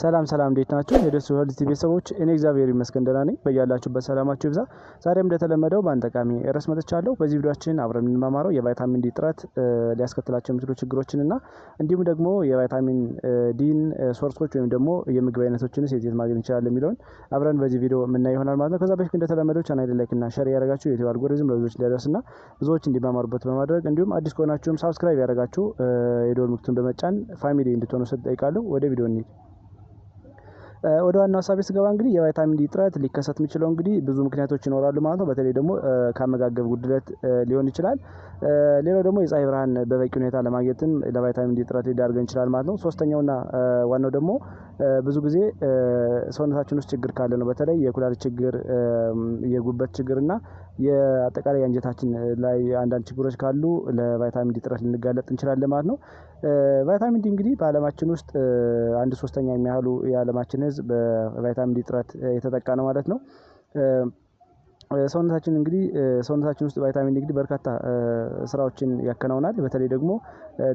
ሰላም ሰላም፣ እንዴት ናችሁ? የደሱ ወርልድ ቲቪ ቤተሰቦች፣ እኔ እግዚአብሔር ይመስገን ደህና ነኝ። በያላችሁበት ሰላማችሁ ይብዛ። ዛሬም እንደተለመደው በአንድ ጠቃሚ ርዕስ መጥቻለሁ። በዚህ ቪዲዮችን አብረን የምንማማረው የቫይታሚን ዲ እጥረት ሊያስከትላቸው የሚችሉ ችግሮችን እና እንዲሁም ደግሞ የቫይታሚን ዲን ሶርሶች ወይም ደግሞ የምግብ አይነቶችን ሴት ማግኘት እንችላለን የሚለውን አብረን በዚህ ቪዲዮ የምናየው ይሆናል ማለት ነው። ከዛ በፊት እንደተለመደው ቻናል ላይክና ሸር ያደረጋችሁ የዩቲዩብ አልጎሪዝም ለብዙዎች እንዲደርስና ብዙዎች እንዲማማሩበት በማድረግ እንዲሁም አዲስ ከሆናችሁም ሳብስክራይብ ያደረጋችሁ የደወል ምልክቱን በመጫን ፋሚሊ እንድትሆኑ ስጠይቃለሁ። ወደ ቪዲዮ እንሂድ። ወደ ዋናው ሀሳቤ ስገባ እንግዲህ የቫይታሚን ዲ እጥረት ሊከሰት የሚችለው እንግዲህ ብዙ ምክንያቶች ይኖራሉ ማለት ነው። በተለይ ደግሞ ከአመጋገብ ጉድለት ሊሆን ይችላል። ሌላው ደግሞ የፀሐይ ብርሃን በበቂ ሁኔታ ለማግኘትም ለቫይታሚን ዲ እጥረት ሊዳርገን ይችላል ማለት ነው። ሶስተኛውና ዋናው ደግሞ ብዙ ጊዜ ሰውነታችን ውስጥ ችግር ካለ ነው። በተለይ የኩላሊት ችግር፣ የጉበት ችግር እና የአጠቃላይ አንጀታችን ላይ አንዳንድ ችግሮች ካሉ ለቫይታሚን ዲ እጥረት ልንጋለጥ እንችላለን ማለት ነው። ቫይታሚን ዲ እንግዲህ በአለማችን ውስጥ አንድ ሶስተኛ የሚያህሉ የአለማችንን ህዝብ በቫይታሚን ዲ እጥረት የተጠቃ ነው ማለት ነው። ሰውነታችን እንግዲህ ሰውነታችን ውስጥ ቫይታሚን ዲ እንግዲህ በርካታ ስራዎችን ያከናውናል። በተለይ ደግሞ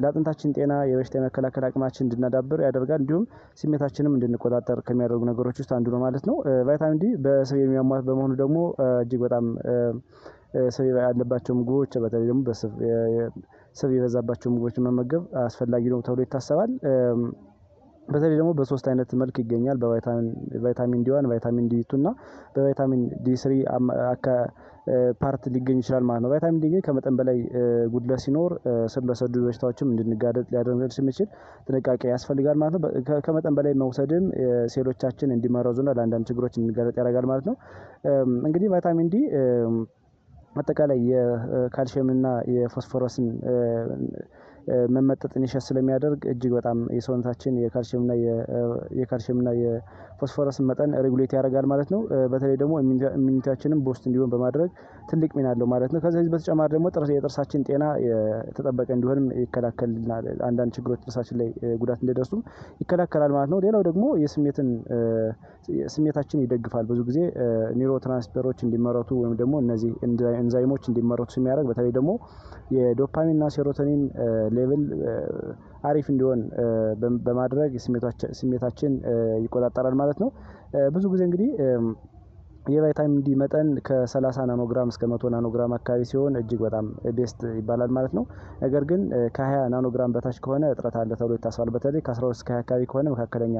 ለአጥንታችን ጤና የበሽታ የመከላከል አቅማችን እንድናዳብር ያደርጋል። እንዲሁም ስሜታችንም እንድንቆጣጠር ከሚያደርጉ ነገሮች ውስጥ አንዱ ነው ማለት ነው። ቫይታሚን ዲ በስብ የሚያሟት በመሆኑ ደግሞ እጅግ በጣም ስብ ያለባቸው ምግቦች በተለይ ደግሞ በስብ የበዛባቸው ምግቦችን መመገብ አስፈላጊ ነው ተብሎ ይታሰባል። በተለይ ደግሞ በሶስት አይነት መልክ ይገኛል በቫይታሚን ቫይታሚን ቫይታሚን ዲ ቱ እና በቫይታሚን ዲ ስሪ ፓርት ሊገኝ ይችላል ማለት ነው። ቫይታሚን ዲ ግን ከመጠን በላይ ጉድለት ሲኖር ስር ለሰዱ በሽታዎችም እንድንጋለጥ ሊያደርግ ስለሚችል ጥንቃቄ ያስፈልጋል ማለት ነው። ከመጠን በላይ መውሰድም ሴሎቻችን እንዲመረዙና ለአንዳንድ ችግሮች እንድንጋለጥ ያደርጋል ማለት ነው። እንግዲህ ቫይታሚን ዲ አጠቃላይ የካልሽየምና የፎስፎረስን መመጠጥን ይሸት ስለሚያደርግ እጅግ በጣም የሰውነታችን የካልሽየምና የካልሽየምና የፎስፎረስ መጠን ሬጉሌት ያደርጋል ማለት ነው። በተለይ ደግሞ ኢሚኒቲያችንን ቦስት እንዲሆን በማድረግ ትልቅ ሚና አለው ማለት ነው። ከዚህ በተጨማሪ ደግሞ የጥርሳችን ጤና የተጠበቀ እንዲሆንም ይከላከልናል። አንዳንድ ችግሮች ጥርሳችን ላይ ጉዳት እንዳይደርሱም ይከላከላል ማለት ነው። ሌላው ደግሞ የስሜትን ስሜታችን ይደግፋል። ብዙ ጊዜ ኒውሮ ትራንስፐሮች እንዲመረቱ ወይም ደግሞ እነዚህ ኤንዛይሞች እንዲመረቱ ስለሚያደርግ በተለይ ደግሞ የዶፓሚን ሴሮቶኒን ሌቭል አሪፍ እንዲሆን በማድረግ ስሜታችን ይቆጣጠራል ማለት ነው። ብዙ ጊዜ እንግዲህ የቫይታሚን ዲ መጠን ከ30 ናኖግራም እስከ 100 ናኖግራም አካባቢ ሲሆን እጅግ በጣም ቤስት ይባላል ማለት ነው። ነገር ግን ከ20 ናኖግራም በታች ከሆነ እጥረት አለ ተብሎ ይታሰባል። በተለይ ከ12 እስከ 20 አካባቢ ከሆነ መካከለኛ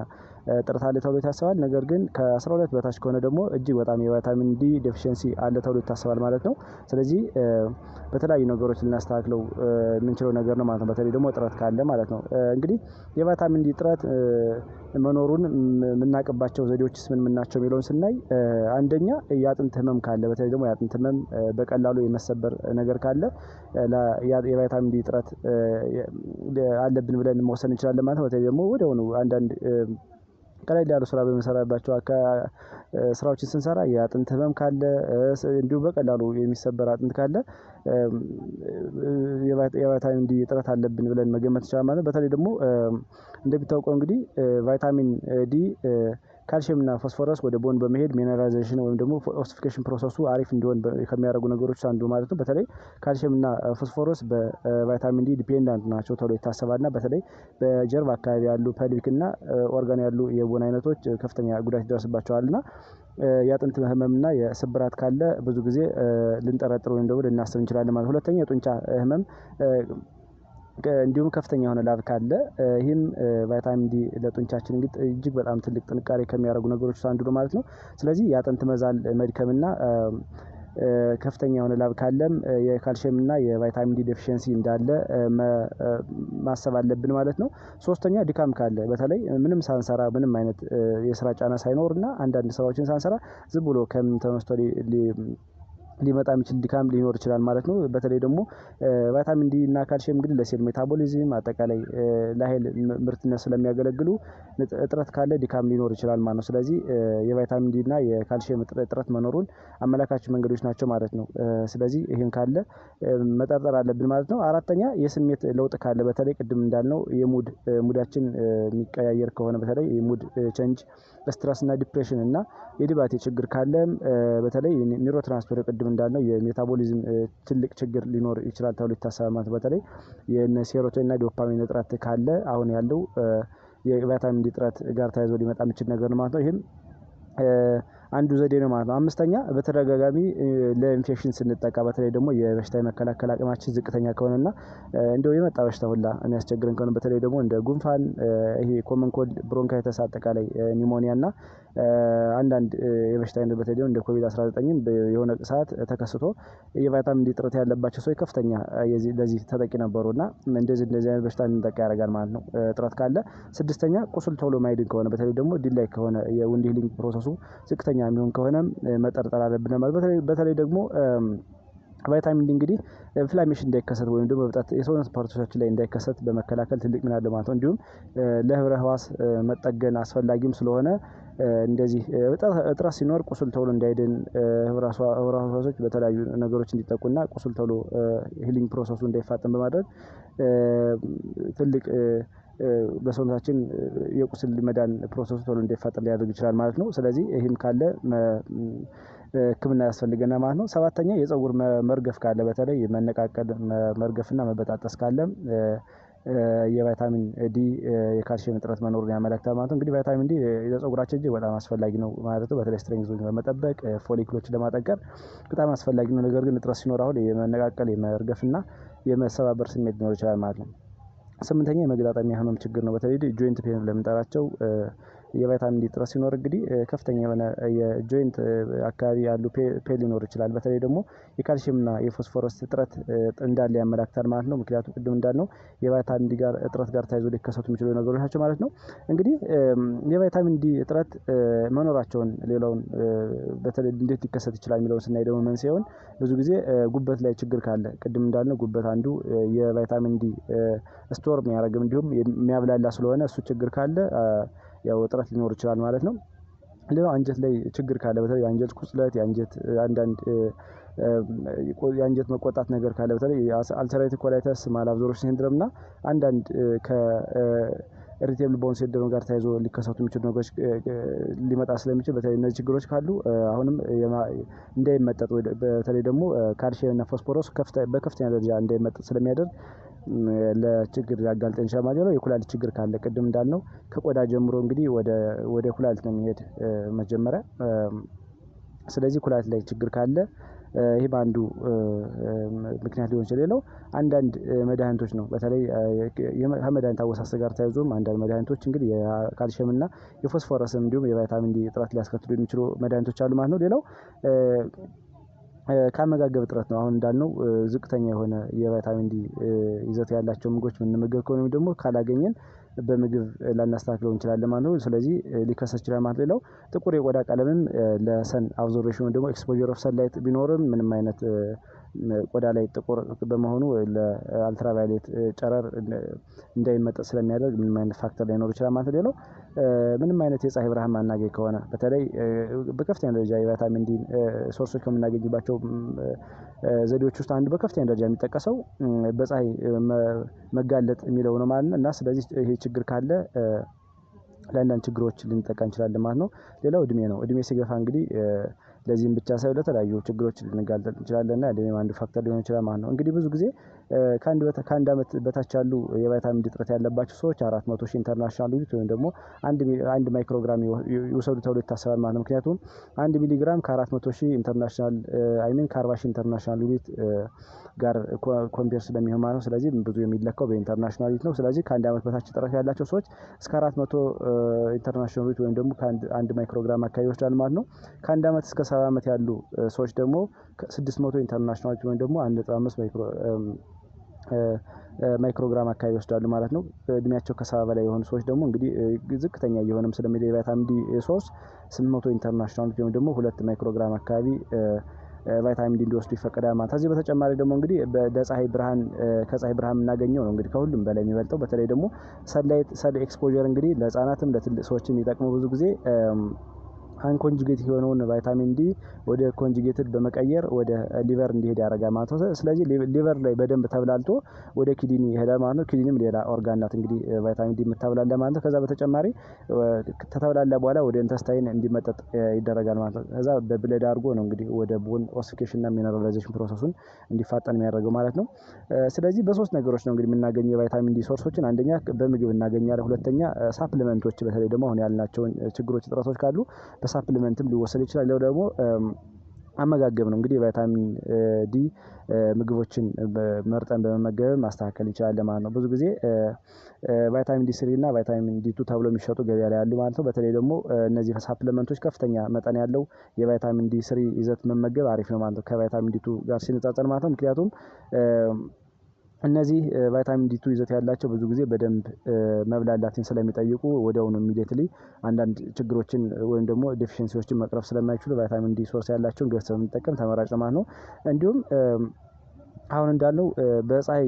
እጥረት አለ ተብሎ ይታሰባል። ነገር ግን ከ12 በታች ከሆነ ደግሞ እጅግ በጣም የቫይታሚን ዲ ዴፊሽንሲ አለ ተብሎ ይታሰባል ማለት ነው። ስለዚህ በተለያዩ ነገሮች ልናስተካክለው የምንችለው ነገር ነው ማለት ነው። በተለይ ደግሞ እጥረት ካለ ማለት ነው። እንግዲህ የቫይታሚን ዲ እጥረት መኖሩን የምናቅባቸው ዘዴዎችስ ምን ምን ናቸው የሚለውን ስናይ አንደኛ የአጥንት ህመም ካለ በተለይ ደግሞ የአጥንት ህመም በቀላሉ የመሰበር ነገር ካለ የቫይታሚን ዲ እጥረት አለብን ብለን መወሰን እንችላለን ማለት ነው። በተለይ ደግሞ ወዲያውኑ አንዳንድ ቀለል ያሉ ስራ በምንሰራባቸው ስራዎችን ስንሰራ የአጥንት ህመም ካለ እንዲሁም በቀላሉ የሚሰበር አጥንት ካለ የቫይታሚን ዲ እጥረት አለብን ብለን መገመት ይቻላል ማለት ነው። በተለይ ደግሞ እንደሚታወቀው እንግዲህ ቫይታሚን ዲ ካልሽየምና ፎስፎረስ ወደ ቦን በመሄድ ሚነራላይዜሽን ወይም ደግሞ ኦሲፊኬሽን ፕሮሰሱ አሪፍ እንዲሆን ከሚያደርጉ ነገሮች አንዱ ማለት ነው። በተለይ ካልሽየምና ፎስፎረስ በቫይታሚን ዲ ዲፔንዳንት ናቸው ተብሎ ይታሰባልና በተለይ በጀርባ አካባቢ ያሉ ፐልቪክና ኦርጋን ያሉ የቦን አይነቶች ከፍተኛ ጉዳት ይደርስባቸዋልና የአጥንት ህመምና የስብራት ካለ ብዙ ጊዜ ልንጠረጥር ወይም ደግሞ ልናስብ እንችላለን ማለት ሁለተኛ የጡንቻ ህመም እንዲሁም ከፍተኛ የሆነ ላብ ካለ ይህም ቫይታሚን ዲ ለጡንቻችን እንግዲህ እጅግ በጣም ትልቅ ጥንካሬ ከሚያደርጉ ነገሮች ውስጥ አንዱ ነው ማለት ነው። ስለዚህ የአጥንት መዛል መድከምና ከፍተኛ የሆነ ላብ ካለም የካልሽየም እና የቫይታሚን ዲ ዴፊሽንሲ እንዳለ ማሰብ አለብን ማለት ነው። ሶስተኛ ድካም ካለ በተለይ ምንም ሳንሰራ ምንም አይነት የስራ ጫና ሳይኖር እና አንዳንድ ስራዎችን ሳንሰራ ዝም ብሎ ከምን ተነስቶ ሊመጣ የሚችል ድካም ሊኖር ይችላል ማለት ነው። በተለይ ደግሞ ቫይታሚን ዲ እና ካልሽየም እንግዲህ ለሴል ሜታቦሊዝም አጠቃላይ ለኃይል ምርትነት ስለሚያገለግሉ እጥረት ካለ ድካም ሊኖር ይችላል ማለት ነው። ስለዚህ የቫይታሚን ዲ እና የካልሽየም እጥረት መኖሩን አመላካች መንገዶች ናቸው ማለት ነው። ስለዚህ ይህን ካለ መጠርጠር አለብን ማለት ነው። አራተኛ የስሜት ለውጥ ካለ በተለይ ቅድም እንዳልነው የሙድ ሙዳችን የሚቀያየር ከሆነ በተለይ የሙድ ቸንጅ ስትረስ እና ዲፕሬሽን እና የድባቴ ችግር ካለም በተለይ ኒውሮ ቅድም እንዳልነው የሜታቦሊዝም ትልቅ ችግር ሊኖር ይችላል ተብሎ ይታሰባል። ማለት በተለይ የሴሮቶኒንና ዶፓሚን እጥረት ካለ አሁን ያለው የቫይታሚን ዲ እጥረት ጋር ተያይዞ ሊመጣ የሚችል ነገር ነው ማለት ነው ይህም አንዱ ዘዴ ነው ማለት ነው። አምስተኛ በተደጋጋሚ ለኢንፌክሽን ስንጠቃ በተለይ ደግሞ የበሽታ የመከላከል አቅማችን ዝቅተኛ ከሆነና እንደው የመጣ በሽታ ሁላ የሚያስቸግረን ከሆነ በተለይ ደግሞ እንደ ጉንፋን፣ ይሄ ኮመን ኮልድ፣ ብሮንካይተስ፣ አጠቃላይ ኒሞኒያ እና አንዳንድ የበሽታ አይነት በተለይ እንደ ኮቪድ 19 የሆነ ሰዓት ተከስቶ የቫይታሚን ዲ እጥረት ያለባቸው ሰዎች ከፍተኛ ለዚህ ተጠቂ ነበሩ እና እንደዚህ እንደዚህ አይነት በሽታ እንጠቃ ያደርጋል ማለት ነው እጥረት ካለ። ስድስተኛ ቁስል ቶሎ ማይድን ከሆነ በተለይ ደግሞ ዲላይ ከሆነ የውንድ ሂሊንግ ፕሮሰሱ ዝቅተኛ የሚሆን ከሆነም መጠርጠር አለብን ማለት በተለይ ደግሞ ቫይታሚን ዲ እንግዲህ ኢንፍላሜሽን እንዳይከሰት ወይም ደግሞ በብጣት የሰውነት ፓርቶቻችን ላይ እንዳይከሰት በመከላከል ትልቅ ሚና አለው ማለት ነው። እንዲሁም ለህብረ ህዋስ መጠገን አስፈላጊም ስለሆነ እንደዚህ እጥረት ሲኖር ቁስል ቶሎ እንዳይድን ህብረ ህዋሶች በተለያዩ ነገሮች እንዲጠቁና ቁስል ቶሎ ሂሊንግ ፕሮሰሱ እንዳይፋጠን በማድረግ ትልቅ በሰውነታችን የቁስል መዳን ፕሮሰሱ ቶሎ እንዲፈጠር ሊያደርግ ይችላል ማለት ነው። ስለዚህ ይህም ካለ ሕክምና ያስፈልገና ማለት ነው። ሰባተኛ የፀጉር መርገፍ ካለ በተለይ መነቃቀል መርገፍና መበጣጠስ ካለ የቫይታሚን ዲ የካልሽየም እጥረት መኖሩን ያመለክታል ማለት ነው። እንግዲህ ቫይታሚን ዲ ለፀጉራችን እጅግ በጣም አስፈላጊ ነው ማለት ነው። በተለይ ስትሬንግ ዞን ለመጠበቅ ፎሊክሎችን ለማጠቀር በጣም አስፈላጊ ነው። ነገር ግን እጥረት ሲኖር አሁን የመነቃቀል የመርገፍና የመሰባበር ስሜት ሊኖር ይችላል ማለት ነው። ስምንተኛ የመገጣጠሚያ ህመም ችግር ነው። በተለይ ጆይንት ፔን ለምንጠራቸው የቫይታሚን ዲ እጥረት ሲኖር እንግዲህ ከፍተኛ የሆነ የጆይንት አካባቢ ያሉ ፔል ሊኖር ይችላል። በተለይ ደግሞ የካልሽየምና የፎስፎረስ እጥረት እንዳለ ያመላክታል ማለት ነው። ምክንያቱም ቅድም እንዳልነው የቫይታሚን ዲ ጋር እጥረት ጋር ተያይዞ ሊከሰቱ የሚችሉ ነገሮች ናቸው ማለት ነው። እንግዲህ የቫይታሚን ዲ እጥረት መኖራቸውን ሌላውን በተለይ እንዴት ሊከሰት ይችላል የሚለውን ስናይ ደግሞ መንስኤውን ብዙ ጊዜ ጉበት ላይ ችግር ካለ ቅድም እንዳልነው ጉበት አንዱ የቫይታሚን ዲ ስቶር የሚያደርግም እንዲሁም የሚያብላላ ስለሆነ እሱ ችግር ካለ ያው እጥረት ሊኖር ይችላል ማለት ነው። ሌላው አንጀት ላይ ችግር ካለ በተለይ የአንጀት ቁስለት የአንጀት አንዳንድ የአንጀት መቆጣት ነገር ካለ በተለይ አልተራይት ኮላይተስ ማላብዞሮች ሲንድረም እና አንዳንድ ከ ኢሪቴብል በሆን ሲንድሮም ጋር ተያይዞ ሊከሰቱ የሚችሉ ነገሮች ሊመጣ ስለሚችል በተለይ እነዚህ ችግሮች ካሉ አሁንም እንዳይመጠጥ በተለይ ደግሞ ካልሽየምና ፎስፎረስ በከፍተኛ ደረጃ እንዳይመጠጥ ስለሚያደርግ ለችግር ያጋልጠን ይችላል ማለት ነው። የኩላሊት ችግር ካለ ቅድም እንዳልነው ከቆዳ ጀምሮ እንግዲህ ወደ ኩላሊት ነው የሚሄድ መጀመሪያ። ስለዚህ ኩላሊት ላይ ችግር ካለ ይህ በአንዱ ምክንያት ሊሆን ይችላል። ሌላው አንዳንድ መድኃኒቶች ነው። በተለይ ከመድኃኒት አወሳሰ ጋር ተያይዞም አንዳንድ መድኃኒቶች እንግዲህ የካልሽየም እና የፎስፎረስም እንዲሁም የቫይታሚን ዲ እጥረት ሊያስከትሉ የሚችሉ መድኃኒቶች አሉ ማለት ነው። ሌላው ከአመጋገብ እጥረት ነው። አሁን እንዳልነው ዝቅተኛ የሆነ የቫይታሚን ዲ ይዘት ያላቸው ምግቦች የምንመገብ ከሆነ ደግሞ ካላገኘን በምግብ ላናስተካክለው እንችላለን ማለት ነው። ስለዚህ ሊከሰት ይችላል ማለት ሌላው ጥቁር የቆዳ ቀለምም ለሰን አብዞርቬሽን ወይም ደግሞ ኤክስፖዠር ኦፍ ሰንላይት ቢኖርም ምንም አይነት ቆዳ ላይ ጥቁር በመሆኑ ለአልትራቫይሌት ጨረር እንዳይመጠጥ ስለሚያደርግ ምንም አይነት ፋክተር ላይኖር ይችላል ማለት ሌላው ምንም አይነት የፀሐይ ብርሃን ማናገኝ ከሆነ በተለይ በከፍተኛ ደረጃ የቫይታሚን ዲ ሶርሶች ከምናገኝባቸው ዘዴዎች ውስጥ አንዱ በከፍተኛ ደረጃ የሚጠቀሰው በፀሀይ መጋለጥ የሚለው ነው ማለት ነው። እና ስለዚህ ይሄ ችግር ካለ ለአንዳንድ ችግሮች ልንጠቃ እንችላለን ማለት ነው። ሌላው እድሜ ነው እድሜ ሲገፋ እንግዲህ ለዚህም ብቻ ሳይሆን ለተለያዩ ችግሮች ልንጋለጥ እንችላለን እና እድሜም አንዱ ፋክተር ሊሆን ይችላል ማለት ነው። እንግዲህ ብዙ ጊዜ ከአንድ ዓመት በታች ያሉ የቫይታሚን እጥረት ያለባቸው ሰዎች አራት መቶ ሺህ ኢንተርናሽናል ዩኒት ወይም ደግሞ አንድ ማይክሮግራም ይውሰዱ ተብሎ ይታሰባል ማለት ነው። ምክንያቱም አንድ ሚሊግራም ከአራት መቶ ሺህ ኢንተርናሽናል አይሚን ከአርባ ሺህ ኢንተርናሽናል ዩኒት ጋር ኮምፔር ስለሚሆን ማለት ነው። ስለዚህ ብዙ የሚለካው በኢንተርናሽናል ዩኒት ነው። ስለዚህ ከአንድ ዓመት በታች ጥረት ያላቸው ሰዎች እስከ አራት መቶ ኢንተርናሽናል ዩኒት ወይም ደግሞ ከአንድ ማይክሮግራም አካባቢ ይወስዳል ማለት ነው። ከአንድ ዓመት እስከ ሰባ ዓመት ያሉ ሰዎች ደግሞ ስድስት መቶ ኢንተርናሽናል ወይም ደግሞ አንድ ነጥብ አምስት ማይክሮ ማይክሮግራም አካባቢ ይወስዳሉ ማለት ነው። እድሜያቸው ከሰባ በላይ የሆኑ ሰዎች ደግሞ እንግዲህ ዝቅተኛ እየሆነም ስለሚሄድ የቫይታሚን ዲ ሶስት ስምንት መቶ ኢንተርናሽናል ወይም ደግሞ ሁለት ማይክሮግራም አካባቢ ቫይታሚን ዲ እንዲወስዱ ይፈቀዳል ማለት። ከዚህ በተጨማሪ ደግሞ እንግዲህ በፀሐይ ብርሃን ከፀሐይ ብርሃን የምናገኘው ነው እንግዲህ ከሁሉም በላይ የሚበልጠው በተለይ ደግሞ ሰንላይት ሰን ኤክስፖዠር እንግዲህ ለህፃናትም ለትልቅ ሰዎችም የሚጠቅመው ብዙ ጊዜ አንኮንጁጌት የሆነውን ቫይታሚን ዲ ወደ ኮንጁጌትድ በመቀየር ወደ ሊቨር እንዲሄድ ያደርጋል ማለት ነው። ስለዚህ ሊቨር ላይ በደንብ ተብላልቶ ወደ ኪድኒ ይሄዳል ማለት ነው። ኪድኒም ሌላ ኦርጋን ናት እንግዲህ ቫይታሚን ዲ የምታብላለ ማለት ነው። ከዛ በተጨማሪ ተተብላለ በኋላ ወደ ኢንተስታይን እንዲመጠጥ ይደረጋል ማለት ነው። ከዛ በብለድ አድርጎ ነው እንግዲህ ወደ ቦን ኦሲፊኬሽንና ሚነራላይዜሽን ፕሮሰሱን እንዲፋጠን የሚያደርገው ማለት ነው። ስለዚህ በሶስት ነገሮች ነው እንግዲህ የምናገኘው የቫይታሚን ዲ ሶርሶችን፣ አንደኛ በምግብ እናገኛለን፣ ሁለተኛ ሳፕሊመንቶች፣ በተለይ ደግሞ አሁን ያልናቸውን ችግሮች እጥረቶች ካሉ ሳፕሊመንትም ሊወሰድ ይችላል። ሌላው ደግሞ አመጋገብ ነው። እንግዲህ የቫይታሚን ዲ ምግቦችን መርጠን በመመገብ ማስተካከል እንችላለን ማለት ነው። ብዙ ጊዜ ቫይታሚን ዲ ስሪ እና ቫይታሚን ዲቱ ተብሎ የሚሸጡ ገበያ ላይ ያሉ ማለት ነው። በተለይ ደግሞ እነዚህ ሳፕሊመንቶች ከፍተኛ መጠን ያለው የቫይታሚን ዲ ስሪ ይዘት መመገብ አሪፍ ነው ማለት ነው። ከቫይታሚን ዲቱ ጋር ሲነጻጸር ማለት ነው። ምክንያቱም እነዚህ ቫይታሚን ዲቱ ይዘት ያላቸው ብዙ ጊዜ በደንብ መብላላትን ስለሚጠይቁ ወዲያውኑ ኢሚዲየትሊ አንዳንድ ችግሮችን ወይም ደግሞ ዲፊሽንሲዎችን መቅረፍ ስለማይችሉ ቫይታሚን ዲ ሶርስ ያላቸውን ገዝተን ብንጠቀም ተመራጭ ልማት ነው። እንዲሁም አሁን እንዳለው በፀሐይ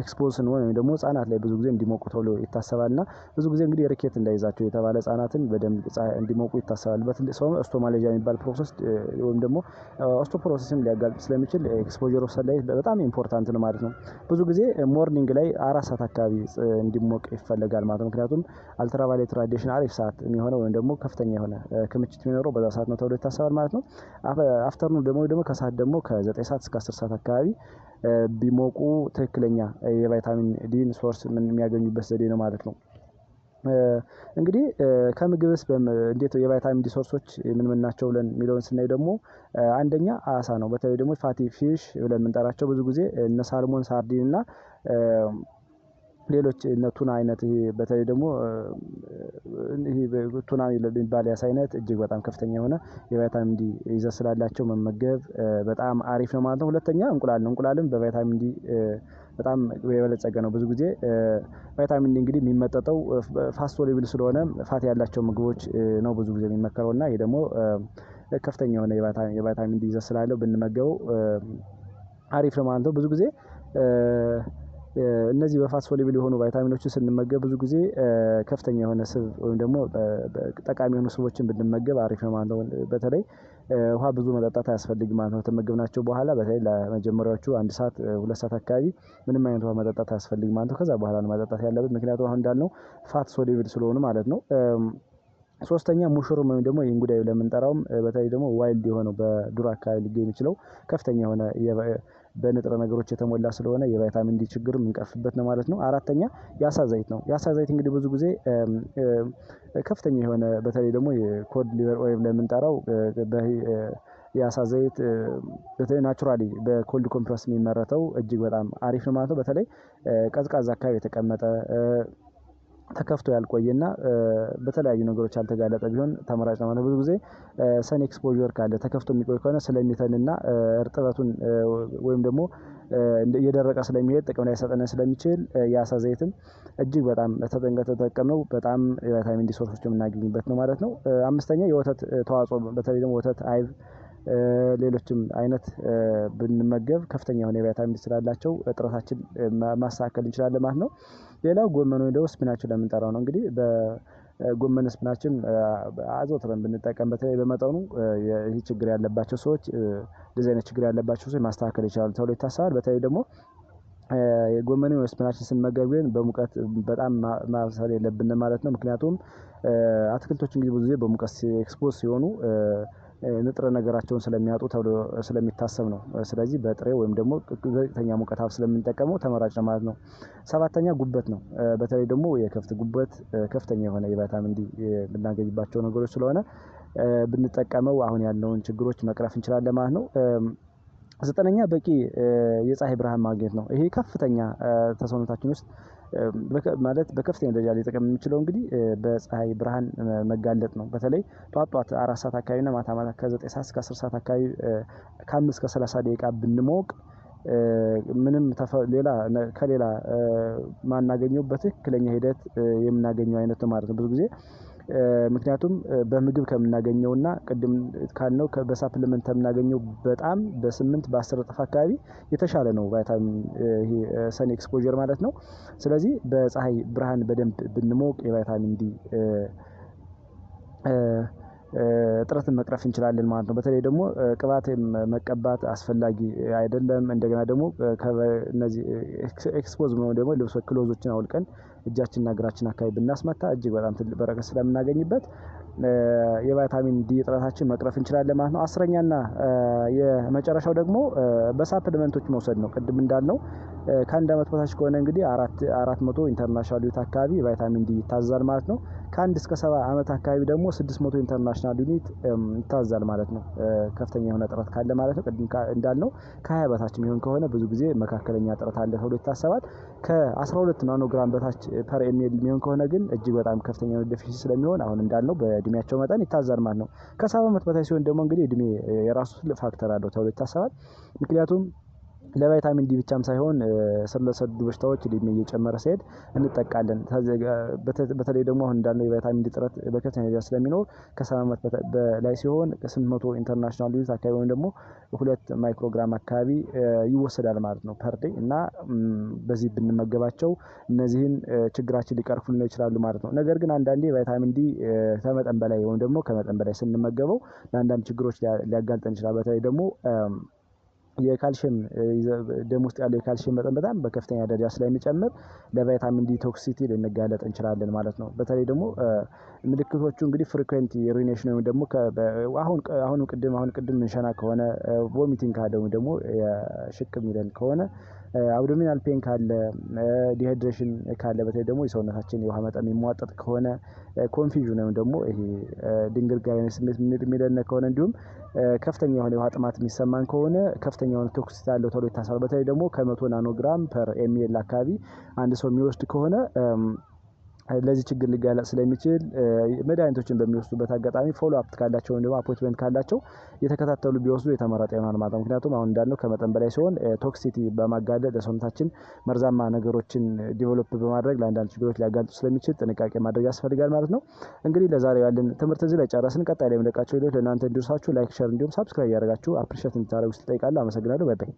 ኤክስፖዝ ስንሆን ወይም ደግሞ ህጻናት ላይ ብዙ ጊዜ እንዲሞቁ ተብሎ ይታሰባል እና ብዙ ጊዜ እንግዲህ ርኬት እንዳይዛቸው የተባለ ህጻናትን በደንብ እንዲሞቁ ይታሰባል። በትልቅ ሰውም ኦስቶማሌጃ የሚባል ፕሮሰስ ወይም ደግሞ ኦስቶፕሮሰስም ሊያጋልጥ ስለሚችል ኤክስፖጀር ላይ በጣም ኢምፖርታንት ነው ማለት ነው። ብዙ ጊዜ ሞርኒንግ ላይ አራት ሰዓት አካባቢ እንዲሞቅ ይፈለጋል ማለት ነው። ምክንያቱም አልትራቫሌት ራዲሽን አሪፍ ሰዓት የሚሆነው ወይም ደግሞ ከፍተኛ የሆነ ክምችት የሚኖረው በዛ ሰዓት ነው ተብሎ ይታሰባል ማለት ነው። አፍተርኑ ደግሞ ደግሞ ከሰዓት ደግሞ ከዘጠኝ ሰዓት እስከ አስር ሰዓት አካባቢ ቢሞቁ ትክክለኛ የቫይታሚን ዲን ሶርስ ምን የሚያገኙበት ዘዴ ነው ማለት ነው። እንግዲህ ከምግብስ እንዴት የቫይታሚን ዲ ሶርሶች ምን ምን ናቸው ብለን የሚለውን ስናይ ደግሞ አንደኛ አሳ ነው። በተለይ ደግሞ ፋቲ ፊሽ ብለን የምንጠራቸው ብዙ ጊዜ እነ ሳልሞን ሳርዲን እና ሌሎች እነ ቱና አይነት ይሄ በተለይ ደግሞ ይሄ ቱና የሚባል ያሳ አይነት እጅግ በጣም ከፍተኛ የሆነ የቫይታሚን ዲ ይዘት ስላላቸው መመገብ በጣም አሪፍ ነው ማለት ነው። ሁለተኛ እንቁላል ነው። እንቁላልም በቫይታሚን ዲ በጣም የበለጸገ ነው። ብዙ ጊዜ ቫይታሚን ዲ እንግዲህ የሚመጠጠው ፋስፎሊፒድ ስለሆነ ፋት ያላቸው ምግቦች ነው ብዙ ጊዜ የሚመከረው እና ይሄ ደግሞ ከፍተኛ የሆነ የቫይታሚን ዲ ይዘት ስላለው ብንመገበው አሪፍ ነው ማለት ነው። ብዙ ጊዜ እነዚህ በፋስፎሊብል የሆኑ ቫይታሚኖችን ስንመገብ ብዙ ጊዜ ከፍተኛ የሆነ ስብ ወይም ደግሞ ጠቃሚ የሆኑ ስቦችን ብንመገብ አሪፍ ነው ማለት ነው። በተለይ ውሃ ብዙ መጠጣት አያስፈልግ ማለት ነው። ከተመገብናቸው በኋላ በተለይ ለመጀመሪያዎቹ አንድ ሰዓት ሁለት ሰዓት አካባቢ ምንም አይነት ውሃ መጠጣት አያስፈልግ ማለት ነው። ከዛ በኋላ ነው መጠጣት ያለበት፣ ምክንያቱም አሁን እንዳልነው ፋት ሶሊቪል ስለሆኑ ማለት ነው። ሶስተኛ ሙሽሩም ወይም ደግሞ ይህን ጉዳዩ ለምንጠራውም በተለይ ደግሞ ዋይልድ የሆነው በዱር አካባቢ ሊገኝ የሚችለው ከፍተኛ የሆነ በንጥረ ነገሮች የተሞላ ስለሆነ የቫይታሚን ዲ ችግር የምንቀርፍበት ነው ማለት ነው። አራተኛ የአሳ ዘይት ነው። የአሳ ዘይት እንግዲህ ብዙ ጊዜ ከፍተኛ የሆነ በተለይ ደግሞ የኮድ ሊቨር ኦይል ለምንጠራው የአሳ ዘይት በተለይ ናቹራሊ በኮልድ ኮምፕረስ የሚመረተው እጅግ በጣም አሪፍ ነው ማለት ነው። በተለይ ቀዝቃዛ አካባቢ የተቀመጠ ተከፍቶ ያልቆየና በተለያዩ ነገሮች ያልተጋለጠ ቢሆን ተመራጭ ነው ብዙ ጊዜ ሰን ኤክስፖር ካለ ተከፍቶ የሚቆይ ከሆነ ስለሚተንና እርጥበቱን ወይም ደግሞ እየደረቀ ስለሚሄድ ጥቅም ላይ ሰጠነ ስለሚችል የአሳ ዘይትም እጅግ በጣም ተጠንቀ ነው። በጣም የቫይታሚን ዲ ሶርሶች የምናገኝበት ነው ማለት ነው። አምስተኛ የወተት ተዋጽኦ በተለይ ደግሞ ወተት አይብ ሌሎችም አይነት ብንመገብ ከፍተኛ የሆነ የቫይታሚን ስላላቸው እጥረታችን ማስተካከል እንችላለን ማለት ነው። ሌላው ጎመን ወይ ደግሞ ስፒናች ለምንጠራው ነው እንግዲህ በጎመን ስፒናችን አዘውትረን ብንጠቀም በተለይ በመጠኑ ይህ ችግር ያለባቸው ሰዎች እንደዚህ አይነት ችግር ያለባቸው ሰዎች ማስተካከል ይችላሉ ተብሎ ይታሰባል። በተለይ ደግሞ የጎመን ወይ ስፒናችን ስንመገብ ግን በሙቀት በጣም ማብሰል የለብንም ማለት ነው። ምክንያቱም አትክልቶች እንግዲህ ብዙ ጊዜ በሙቀት ኤክስፖዝ ሲሆኑ ንጥረ ነገራቸውን ስለሚያጡ ተብሎ ስለሚታሰብ ነው። ስለዚህ በጥሬ ወይም ደግሞ ዘጠነኛ ሙቀት ሀብት ስለምንጠቀመው ተመራጭ ነው ማለት ነው። ሰባተኛ ጉበት ነው። በተለይ ደግሞ የከፍት ጉበት ከፍተኛ የሆነ የቫይታሚን ዲ የምናገኝባቸው ነገሮች ስለሆነ ብንጠቀመው አሁን ያለውን ችግሮች መቅረፍ እንችላለን ማለት ነው። ዘጠነኛ በቂ የፀሐይ ብርሃን ማግኘት ነው። ይሄ ከፍተኛ ተሰውነታችን ውስጥ ማለት በከፍተኛ ደረጃ ሊጠቀም የሚችለው እንግዲህ በፀሐይ ብርሃን መጋለጥ ነው። በተለይ ጧት ጧት አራት ሰዓት አካባቢና ማታ ማታ ከዘጠኝ ሰዓት እስከ አስር ሰዓት አካባቢ ከአምስት ከሰላሳ ደቂቃ ብንሞቅ ምንም ሌላ ከሌላ ማናገኘው በትክክለኛ ሂደት የምናገኘው አይነት ነው ማለት ነው። ብዙ ጊዜ ምክንያቱም በምግብ ከምናገኘውና ቅድም ካልነው በሳፕልመንት ከምናገኘው በጣም በስምንት በአስር እጥፍ አካባቢ የተሻለ ነው ቫይታሚን ሰን ኤክስፖዠር ማለት ነው። ስለዚህ በፀሐይ ብርሃን በደንብ ብንሞቅ የቫይታሚን ዲ እጥረትን መቅረፍ እንችላለን ማለት ነው። በተለይ ደግሞ ቅባት መቀባት አስፈላጊ አይደለም። እንደገና ደግሞ እነዚህ ኤክስፖዝ ወይም ደግሞ ልብሶች ክሎዞችን አውልቀን እጃችንና እግራችን አካባቢ ብናስመታ እጅግ በጣም ትልቅ በረከት ስለምናገኝበት የቫይታሚን ዲ እጥረታችን መቅረፍ እንችላለን ማለት ነው። አስረኛና የመጨረሻው ደግሞ በሳፕሊመንቶች መውሰድ ነው። ቅድም እንዳልነው ከአንድ ዓመት በታች ከሆነ እንግዲህ አራት መቶ ኢንተርናሽናል ዩኒት አካባቢ ቫይታሚን ዲ ይታዛል ማለት ነው። ከአንድ እስከ ሰባ ዓመት አካባቢ ደግሞ ስድስት መቶ ኢንተርናሽናል ዩኒት ይታዛል ማለት ነው። ከፍተኛ የሆነ ጥረት ካለ ማለት ነው። ቅድም እንዳልነው ከሀያ በታች የሚሆን ከሆነ ብዙ ጊዜ መካከለኛ ጥረት አለ ተብሎ ይታሰባል። ከ ከ12 ናኖግራም በታች ፐር ኤምኤል የሚሆን ከሆነ ግን እጅግ በጣም ከፍተኛ ዴፊሲት ስለሚሆን አሁን እንዳልነው በእድሜያቸው መጠን ይታዘር ማለት ነው። ከሰባ አመት በታች ሲሆን ደግሞ እንግዲህ እድሜ የራሱ ትልቅ ፋክተር አለው ተብሎ ይታሰባል። ምክንያቱም ለቫይታሚን ዲ ብቻም ሳይሆን ስር ለሰዱ በሽታዎች እድሜ እየጨመረ ሲሄድ እንጠቃለን። በተለይ ደግሞ አሁን እንዳለው የቫይታሚን ዲ ጥረት በከፍተኛ ደረጃ ስለሚኖር ከሰባ ዓመት በላይ ሲሆን ስምንት መቶ ኢንተርናሽናል ዩኒት አካባቢ ወይም ደግሞ ሁለት ማይክሮግራም አካባቢ ይወሰዳል ማለት ነው ፐርዴ እና በዚህ ብንመገባቸው እነዚህን ችግራችን ሊቀርፉልን ይችላሉ ማለት ነው። ነገር ግን አንዳንዴ ቫይታሚን ዲ ከመጠን በላይ ወይም ደግሞ ከመጠን በላይ ስንመገበው ለአንዳንድ ችግሮች ሊያጋልጠን ይችላል። በተለይ ደግሞ የካልሽየም ደም ውስጥ ያለው የካልሽየም መጠን በጣም በከፍተኛ ደረጃ ስለሚጨምር ለቫይታሚን ዲቶክሲቲ ልንጋለጥ እንችላለን ማለት ነው። በተለይ ደግሞ ምልክቶቹ እንግዲህ ፍሪኩዌንት ዩሪኔሽን ወይም ደግሞ አሁን አሁን ቅድም አሁን ቅድም ምንሸና ከሆነ ቮሚቲንግ ካለ ወይም ደግሞ ሽቅ የሚለን ከሆነ አብዶሚናል ፔን ካለ ዲሃይድሬሽን ካለ በተለይ ደግሞ የሰውነታችን የውሃ መጠን የሚሟጠጥ ከሆነ ኮንፊዥን ወይም ደግሞ ይሄ ድንግርግር አይነት ስሜት የሚደነ ከሆነ እንዲሁም ከፍተኛ የሆነ የውሃ ጥማት የሚሰማን ከሆነ ከፍተኛ የሆነ ቶክሲቲ ያለው ተብሎ ይታሰባል። በተለይ ደግሞ ከመቶ ናኖግራም ፐር ኤም አካባቢ አንድ ሰው የሚወስድ ከሆነ ለዚህ ችግር ሊጋለጥ ስለሚችል መድኃኒቶችን በሚወስዱበት አጋጣሚ ፎሎ አፕ ካላቸው ወይም ደግሞ አፖይንትመንት ካላቸው የተከታተሉ ቢወስዱ የተመረጠ ይሆናል ማለት ነው። ምክንያቱም አሁን እንዳልነው ከመጠን በላይ ሲሆን ቶክሲቲ በማጋለጥ ለሰውነታችን መርዛማ ነገሮችን ዲቨሎፕ በማድረግ ለአንዳንድ ችግሮች ሊያጋልጡ ስለሚችል ጥንቃቄ ማድረግ ያስፈልጋል ማለት ነው። እንግዲህ ለዛሬ ያለን ትምህርት እዚህ ላይ ጨረስን። ቀጣይ ላይ የምለቃቸው ሌሎች ለእናንተ እንዲደርሳችሁ ላይክ፣ ሸር እንዲሁም ሳብስክራይብ እያደረጋችሁ አፕሪሼት እንድታደረጉ ስል ጠይቃለሁ። አመሰግናለሁ። ባይ ባይ።